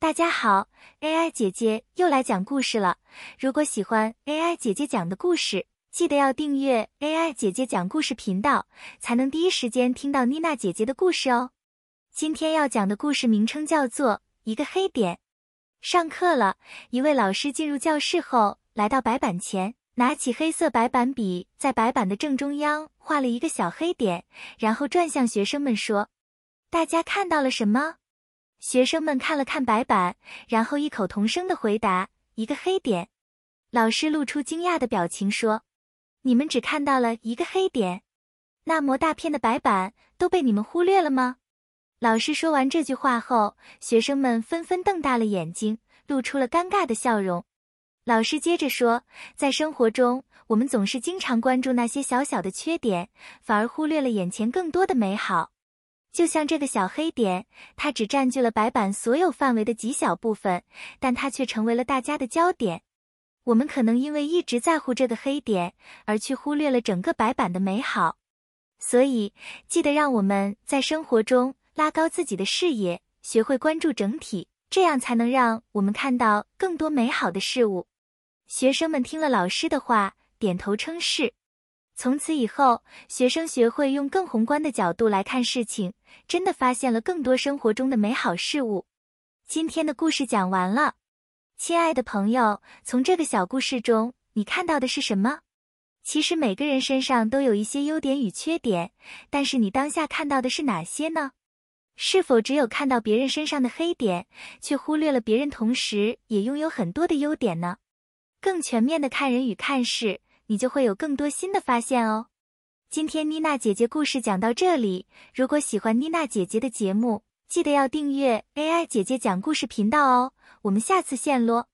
大家好，AI 姐姐又來講故事了。如果喜歡 AI 姐姐講的故事，記得要訂閱 AI 姐姐講故事頻道，才能第一時間聽到妮娜姐姐的故事哦。今天要講的故事名稱叫做《一個黑點》。上課了，一位老師進入教室後，來到白板前，拿起黑色白板筆，在白板的正中央畫了一個小黑點，然後轉向學生們說：“大家看到了什麼？”學生們看了看白板，然後異口同聲的回答：“一個黑點。”老師露出驚訝的表情說：“你們只看到了一個黑點，那麼大片的白板都被你們忽略了嗎？”老師說完這句話後，學生們紛紛瞪大了眼睛，露出了尷尬的笑容。老師接着說：“在生活中，我們總是經常關注那些小小的缺點，反而忽略了眼前更多的美好。”就像這個小黑點，它只佔據了白板所有範圍的極小部分，但它卻成為了大家的焦點。我們可能因為一直在乎這個黑點，而去忽略了整個白板的美好。所以，記得讓我們在生活中拉高自己的視野，學會關注整體，這樣才能讓我們看到更多美好的事物。學生們聽了老師的話，點頭稱是。從此以後，學生學會用更宏觀的角度來看事情，真的發現了更多生活中的美好事物。今天的故事講完了，親愛的朋友，從這個小故事中，你看到的是什麼？其實每個人身上都有一些優點與缺點，但是你當下看到的是哪些呢？是否只有看到別人身上的黑點，卻忽略了別人同時也擁有很多的優點呢？更全面地看人與看事。你就會有更多新的發現哦。今天妮娜姐姐故事講到這裡，如果喜歡妮娜姐姐的節目，記得要訂閱 AI 姐姐講故事頻道哦。我們下次見嘍。